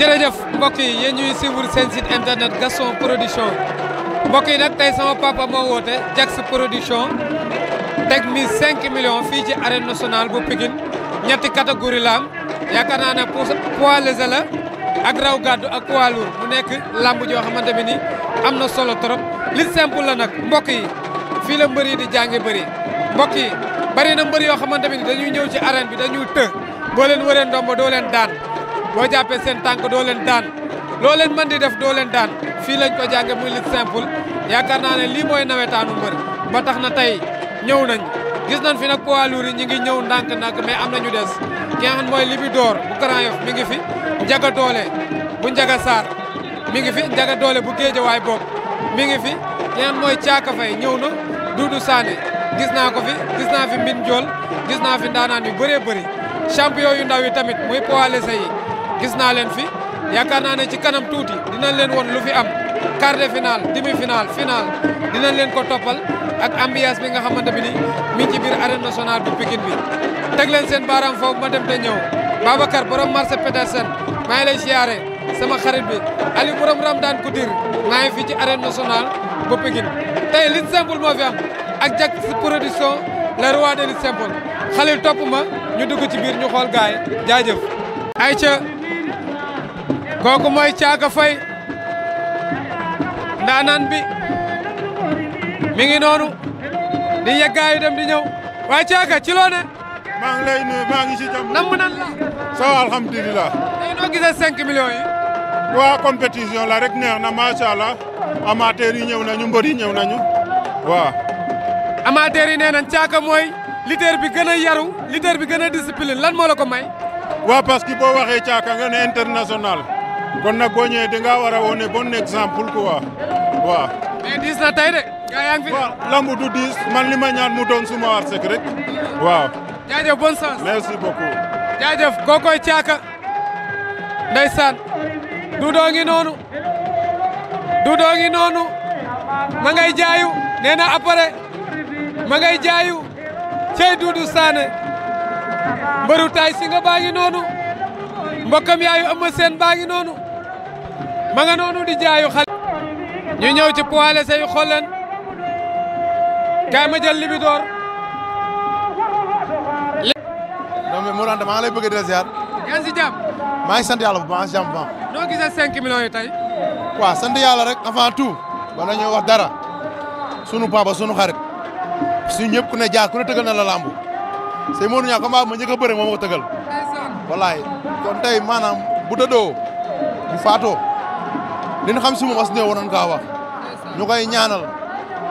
jërëjëf mbokk yi yéen ñuy suivre seen site internet Gaston Production mbokk yi nag tey sama papa moo woote Jax Production teg mi 5 millions fii ci arène nationale bu Pikine ñetti catégorie la am yaakaar naa ne poids léger la ak raw gàddu ak poids mu nekk làmb joo xamante bi ni am na solo trop li simple la nag mbokk yi fii la mbër yi di jànge bëri mbokk yi bëri na mbër yoo xamante bi ni dañuy ñëw ci arène bi dañuy të boo leen wëree ndombo doo leen daan boo jàppee seen tànk doo leen daan loo leen di def doo leen daan fii lañ ko jànge muy lutte simple yaakaar naa ne lii mooy nawetaanu mbër ba tax na tey ñëw nañ gis nañ fi nag ñi ngi ñëw ndànk ndànk mais am nañu des ki nga xam mooy Libidor bu mi ngi fi Njaga Doole bu Njaga Saar mi ngi fi Njaga Doole bu Géejawaay bokk mi ngi fi ki nga xam mooy Caaka Fay ñëw na Duudu Saane gis naa ko fi gis naa fi Mbin Jool gis naa fi ndaanaan yu bëree bëri champion yu ndaw yi tamit muy poids légers yi gis naa leen fi yaakaar naa ne ci kanam tuuti dinañ leen won lu fi am quart de finale demi finale finale dinañ leen ko toppal ak ambiance bi nga xamante bi ni mi ngi ci biir arène nationale bu Pikine bi teg leen seen baaraam foofu ma dem te ñëw Babacar borom marché Petersen maa ngi lay siyaare sama xarit bi Aliou borom Ramdan maa ngi fi ci arène nationale bu Pikine tey lutte simple moo fi am ak Jack production le roi de lutte simple xalil topp ma ñu dugg ci biir ñu xool gaay jaajëf ayca kooku mooy caaka fay ndaanaan bi mi ngi noonu di yeggaayu dem di ñëw waa Thiaka ci loo ne. maa ngi lay nuyu maa ngi si jàmm. namm nan la. ça va alhamdulilah. tey noo gisee 5 millions yi. waa compétition la rek neex na macha allah amateurs yi ñëw nañu mbër yi ñëw nañu waaw. amateurs yi nee nañ Thiaka mooy lutteur bi gën a yaru lutteur bi gën a discipline lan moo ko may. waa parce que boo waxee Thiaka nga ne international. kon nag boo ñëwee da ngaa war a wane bon exemple quoi waaw. mais diis na du diis man li ñaan mu doon suma arsek rek waaw. jaajëf bonne chance merci caaka ndeysaan du doo noonu du noonu ma ngay jaayu nee na après ngay jaayu cey Doudou Sané mbëru tay si noonu. mbokkam yaayu Eumeu Sène baa ngi noonu ma nga noonu di jaayu xale ñu ñëw ci poids léger yu xool leen kaay ma jël Libidor. non mais Morane maa ngi lay bëgg a ziar. bu baax maa ngi si jàmm bu baax. noo gisee 5 sant yàlla rek avant tout. wala wax dara sunu papa sunu xarit suñ ñëpp ku ne jaar ku ne tëgal na la lambu. sëñ Modou Niang combat ma njëkk a bëre moom moo ko kon tey maanaam bu dëddoo bu faatoo li ñu xam si moom as néew ñu koy ñaanal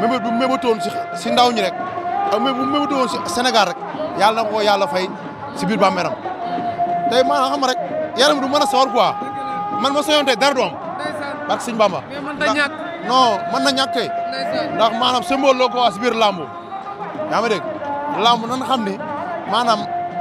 mébét bu mébétoon si si ndaw ñi rek ak bu mébétoon si Sénégal rek yàlla na ko yàlla fay si biir bàmmeeram tey maanaam xam rek yaram du mën a sawar quoi man ma soyoon dara du am ak Bamba. mais mën na na ñàkk ndax maanaam symbole la ko waa si biir làmb yaa nan xam ni maanaam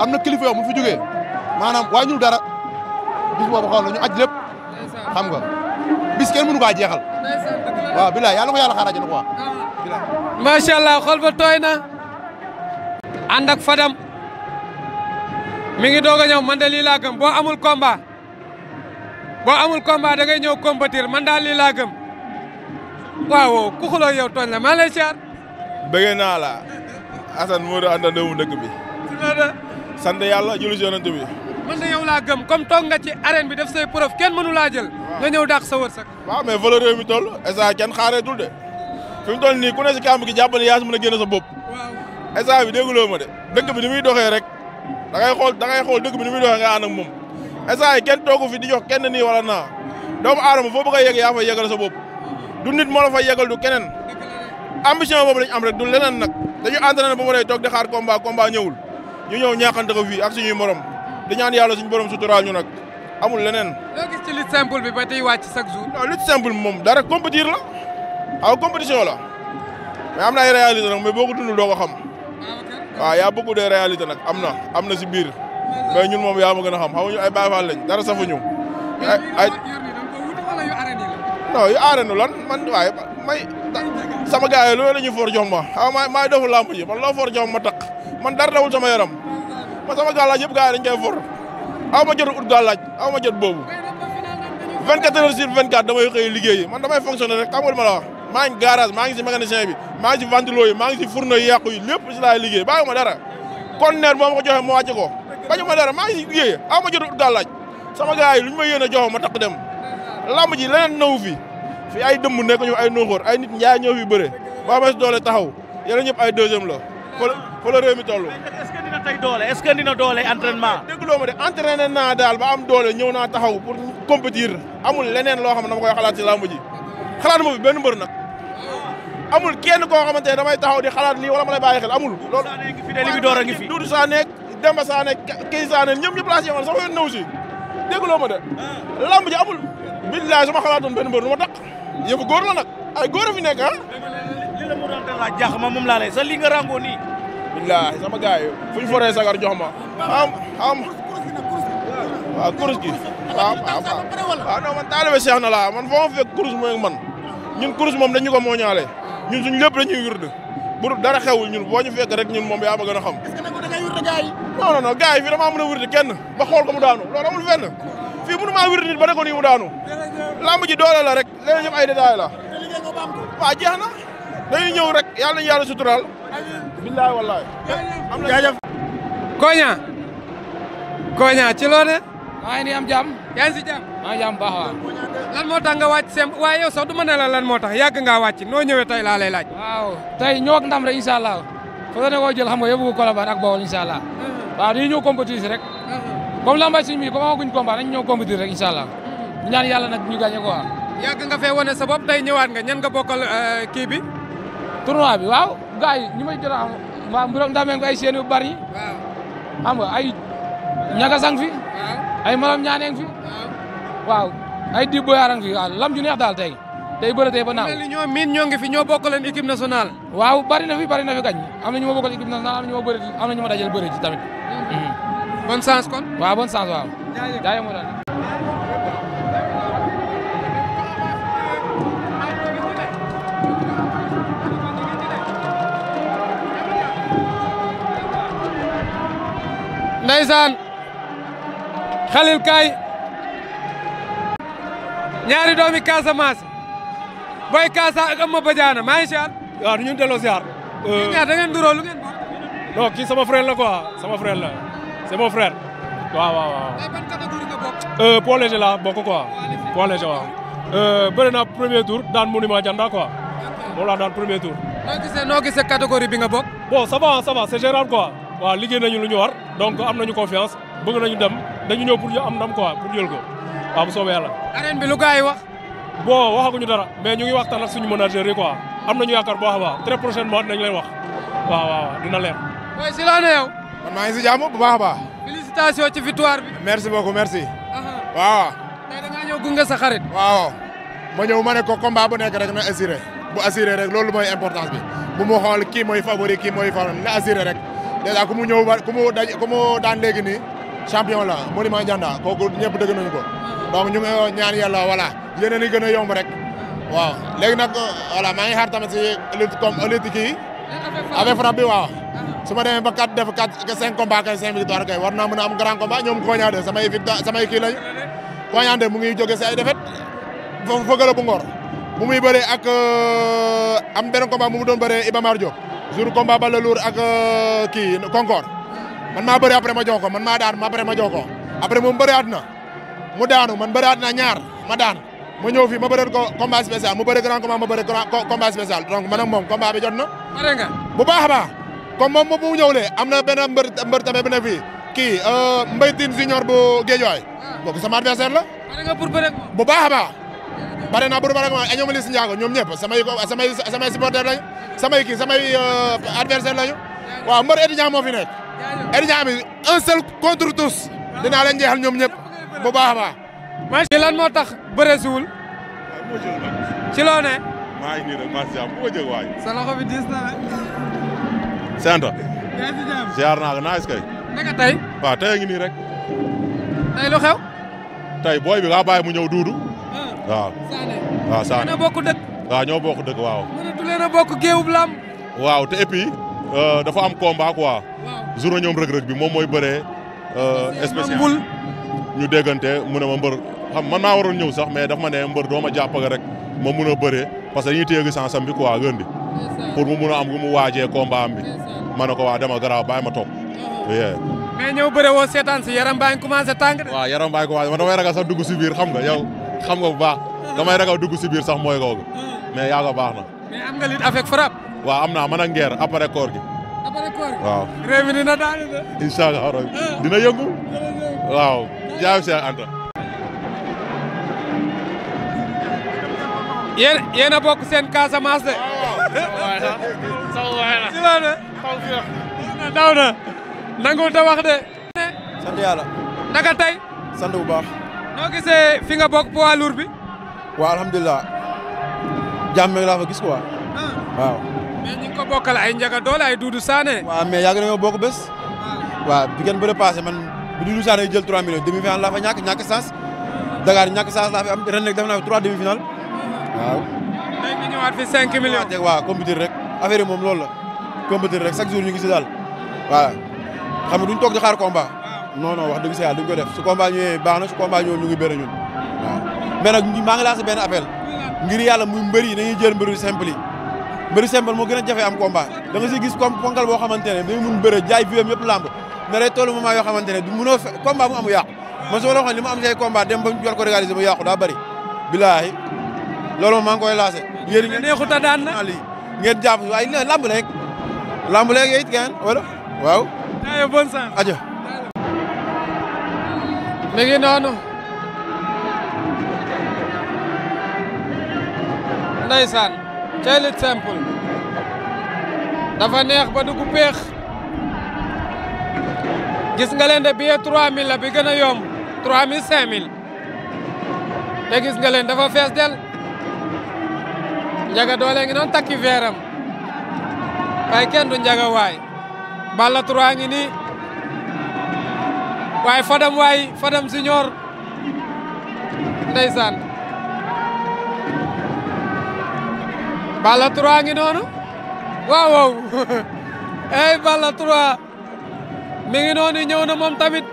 am na kilifa yoo mu fi maanaam waa dara bis boobu xool na ñu aj lépp nga bis kenn mënu kaa jeexal waaw bilaay yàlla ko yàlla xaar àjjana quoi ah. bilaay allah xol tooy na ànd ak Fadam mi ngi doog a ñëw man de boo amul combat boo amul combat da ngay ñëw compétir man daal lii laa gëm waaw ku xuloo yow tooñ la maa lay naa la Assane moo doon àndandoo mu dëkk bi sant yàlla julli si man de yow laa gëm comme toog nga ci arène bi def say preuve kenn mënu laa jël. nga ñëw dàq sa wërsëg. waaw mais valeur yooyu mi toll instant kenn xaareetul de fi mu toll nii ku ne si kàmb gi ne yaa si mën a génne sa bi dégguloo ma de dëkk bi ni rek da ngay xool da ngay xool dëkk bi ni muy doxee nga ànd ak moom instant yi kenn toogu fi di jox kenn nii wala naa doomu aadama foo bëgg a yegg yaa fa yeggal sa bopp du nit moo la fa yeggal du keneen ambition boobu lañ am rek du leneen nag dañu entraîné ba pare toog di xaar combat combat ñëwul ñu ñëw ñaaxante ko fii ak suñuy di ñaan yàlla suñu borom suturaal ñu nag amul leneen. loo gis ci bi ba tey wàcc chaque jour. non lutte simple moom dara compétir la aw compétition la mais am na ay réalité nag mais boo ko dundul doo ko xam. Ah, waaw yaa beaucoup de réalité nag am na am na si biir mais ñun moom yaa ma gën a xam ay Baay Faal lañ dara safuñu. ay ay non yu arène lan man waaye may sama gars yi loolu la ñuy for jox ma ma maay dofu làmb ji man loo for jox ma takk man dara dawul sama yaram. man sama gàllaaj yëpp gars yi dañ koy for aw ma jot ut gàllaaj aw ma jot boobu 24 heures sur 24 damay xëy liggéeyi man damay fonctionner rek xam nga ma la wax maa ngi garage maa ngi si mécanicien bi maa ngi si ventilo yi maa ngi si fourneau yi yàqu yi lépp si laay liggéey bàyyi ma dara conteneur boo ma ko joxee ma wàcce ko bañu ma dara maa ngi si liggéey aw ma jot ut gàllaaj sama gars yi lu ñu ma yéene jox ma takk dem lamb ji leneen nawu fi fi ay dëmmu nekk ñu ay nooxóor ay nit njaay ñëw fi bëre ba mes doole taxaw yeneen ñëpp ay deuxième la fa la réew mi tey doole est-ce doole entraînement. dégguloo ma de entraîné naa daal ba am doole ñëw naa taxaw pour compétir loo xam ne dama koy xalaat ci làmb mo xalaat ma fi benn mbër nag amul kenn koo xamante ne damay taxaw di xalaat lii wala ma lay bàyyi xel amul. ngi fi Doudou Sané Demba Sané Kay Sané ñëpp ñëpp laa si yemoon sama yoon ñëw amul. billaay su ma xalaatoon benn mbër du ma taq yëfu góor la nag ay góor a fi nekk ah. li la mu doon laaj jaax laa sa li nga ràngoo nii billahi sama gars yi fu ñu foree sagar jox ma am am waaw kurus gi waaw waaw waaw non man taalibe Cheikh na laa man foo ma kurus mooy man ñun kurus moom dañu ko mooñaale ñun suñ lépp dañuy wirdu bu dara xewul ñun boo ñu rek ñun moom yaa ma gën a xam non non non gars yi fii damaa mën a wirdu kenn ba xool ko mu daanu loolu amul fenn fii mënu maa wirdu nit ba ne mu daanu lamb ji doole la rek léegi ñëpp de détail la waaw jeex na dañuy ñëw rek yàlla nañu yàlla suturaal billaay wallaay. jaajëf. Koña. Koña ci loo am jàmm. yaa si jàmm. maa ngi jàmm baax waaw. lan moo tax nga wàcc waaye so sax ma ne la lan moo tax yàgg ngaa wàcc noo ñëwee tey laa lay laaj. waaw tey ñoo ak ndam rek incha allah. fa la ne koo jël xam nga yóbbu Colobane ak Bawol incha allah. Uh-huh. waaw dañuy ñëw compétition rek. kom uh-huh. lamba suñu bi comme amaguñ combat dañu rek incha allah. ñu uh-huh. ñaan yàlla nag ñu gagné ko waaw. yàgg nga fee wane sa bopp tey ñëwaat nga ñan nga bokkal uh, kii bi. tournoi waaw. gars yi ñu may jot a xam waaw mbiram daa ay seen yu bari. nga ay ñagasang fi. ay malam ñaaneng fi. waaw ay di boyaarang fi lam ju neex daal tey. day bëre tey ba naaw ñoo miin ñoo ngi fi ñoo bokk leen équipe waaw bari na fi bari na fi gañ am na ñu ma bokkal équipe nationale am na ñu ma bëri am na ñu ma dajal ci tamit. bonne chance kon. waaw bonne waaw. ndeysaan xalil kaay ñaari doomi Casamance Boy Casa ak Ama Badiana maa ngi siyaar waaw du ñu ñun ñaar da ngeen duróo lu ngeen non kii sama frère la quoi sama frère la c'est mon frère waaw waaw waaw ay ban catégorie nga bokk euh, poids léger la bokk quoi poids léger waaw euh, naa premier tour daan monument janda quoi moom laa daan premier tour noo gisee noo gisee catégorie bi nga bokk bon ça va ça va c'est gérable quoi waaw liggéey nañu lu ñu war donc am nañu confiance bëgg nañu dem dañu ñëw pour am ndam ko pour jël ko waaw bu soobee yàlla. bi lu gars yi wax. bon waxaguñu dara mais ñu ngi waxtaan ak suñu manager yi quoi am nañu yaakaar boo xam ne très prochainement dinañ leen wax waaw waaw dina leer. mooy si laa ne yow. man maa ngi si jàmm bu baax a baax. félicitations ci victoire bi. merci beaucoup merci. Ah, ah. waaw. tey da ngaa gunge sa xarit. waa ma ñëw ma ne ko combat bu nekk rek na assuré bu assuré loolu mooy importance bi bu mu xool kii mooy favori kii mooy favori na rek. dèjà ku mu ñëw ba ku mu daj ku mu daan léegi nii champion la monument Ndianda kooku ñëpp dëgg nañu ko donc ñu ngi ñaan yàlla voilà yeneen yi gën a yomb rek waaw léegi nag voilà maa ngi xaar tamit si lutte comme lutte kii avec frappe bi waaw su ma demee ba quatre def quatre cinq combat kay cinq victoire kay war naa mën a am grand combat ñoom Koña de samay victoire samay kii lañ mu ngi jóge si ay défaite foofu fëgala bu ngor bu ak euh, am benn combat bu mu doon bëree Iba Mar jour combat ba la lour ak euh, kii Concorde man maa bëri après ma jox ko man maa daan ma après ma jox ko après moom bëriwaat na mu daanu man bëriwaat na ñaar ma daan ma ñëw fii ma bëreet ko combat spécial mu grand combat ma bëri combat spécial donc man ak moom combat bi jot na. pare bu baax a baax comme moom bu ñëwlee am na benn mbër mbër tamit bu ne fii kii euh, Mbaye Tine junior bu Guédiawaye. Ah. kooku sama adversaire la. pare nga bu baax a baax. pare naa pour bëreet ak moom ak ñoom Liss Ndiago ñoom ñëpp samay kii samay euh, adversaire lañu waaw mbër étudiant moo fi nekk étudiant bi un seul contre tous dinaa leen ñoom ñëpp bo baax a baax. macha lan moo tax bëreesiwul. ci loo ne. maa ngi rek maa si jàmm bu ko jëg naa ko naaj kay. naka tey. ngi nii rek. tey lu xew. tey booy bi nga bàyyi mu ñëw duudu. Ah. waaw. Sané waaw waaw ñoo bokk dëkk waaw. mënatu leen a bokk géewub waaw te et euh, dafa am combat quoi. journée ñoom rëg-rëg bi moom mooy bëree. Euh, spécial ñu déggante mu ne ma mbër xam man maa waroon ñëw sax mais dafa ma ne mbër doo ma jàppale rek ma mun a bëree parce que dañuy téye licence am bi quoi gën mu mun a am gu mu waajee combat am bi. ma ne ko waa dama garaaw baay ma toog. Uh-huh. mais ñëw bëre woo seetaan si yaram baa ngi commencé tàng de. waaw yaram baa ngi sax dugg si biir xam nga yow xam nga bu baax uh-huh. damay ragal dugg si biir sax mooy googu. Uh-huh. mais yaaga baax na. mais am nga lit avec frappe. waaw am naa man ngeer après koor gi. waaw. réew mi dina daanu de. incha allah ah. dina yëngu. waaw jaay Cheikh Anta. yéen yéen a bokk seen Casamance de. waaw waaw ta wax de. sant yàlla. naka tey. baax. noo gisee fi nga bokk poids lourd bi. waaw alhamdulilah. jàmm laa fa gis quoi ah. waaw. mais ñi ko bokkal ay Ndiaga Dolé ay Doudou Sané. waaw mais yàgg nañoo bokk bés. Ah. waaw bi ngeen bëri passé man bu Doudou Sané jël 3 millions demi-finale laa fa ñàkk ñàkk sens. Dakar ñàkk sens laa fi am ren nag def naa fi 3 demi-finale waaw. tey ñu ñëwaat fi 5 millions. waaw waaw rek affaire moom loolu la compétir rek chaque jour ñi ngi si daal voilà xam nga duñ toog di xaar komba ah. non non wax dëgg sa yàlla duñ ko def su combat ñëwee baax na su combat ngi bëri ñun waaw maa ngi lancé benn appel ngir yàlla mu mbër yi dañuy jël mbëru simple yi mbëru simple moo gën a jafe am combat da nga si gis comme ponkal boo xamante ne dañu mun jaay viam yëpp làmb na day toll moment yoo xamante ne du mënoo combat mu amu yàqu man suma li ma am say combat dem ba jor ko réaliser mu yàqu daa bëri bilaahi loolu moom maa ngi koy lancé yéen neexut a daan na lii ngeen jàpp waaye làmb la rek làmb la rek it kenn waaw aja ndeysaan cay lit simple dafa neex ba dugg péex gis nga leen de billet 3000 la bi gën a yomb 3000 5000 da gis nga leen dafa fees del njaga doole ngi noon takki veeram waaye kenn du njaga waay balla 3 ngi nii waaye fadam waay fadam siñoor ndeysaan Balla 3 ngi noonu waaw waaw ey Balla 3 mi na moom tamit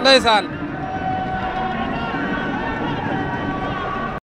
ndeysaan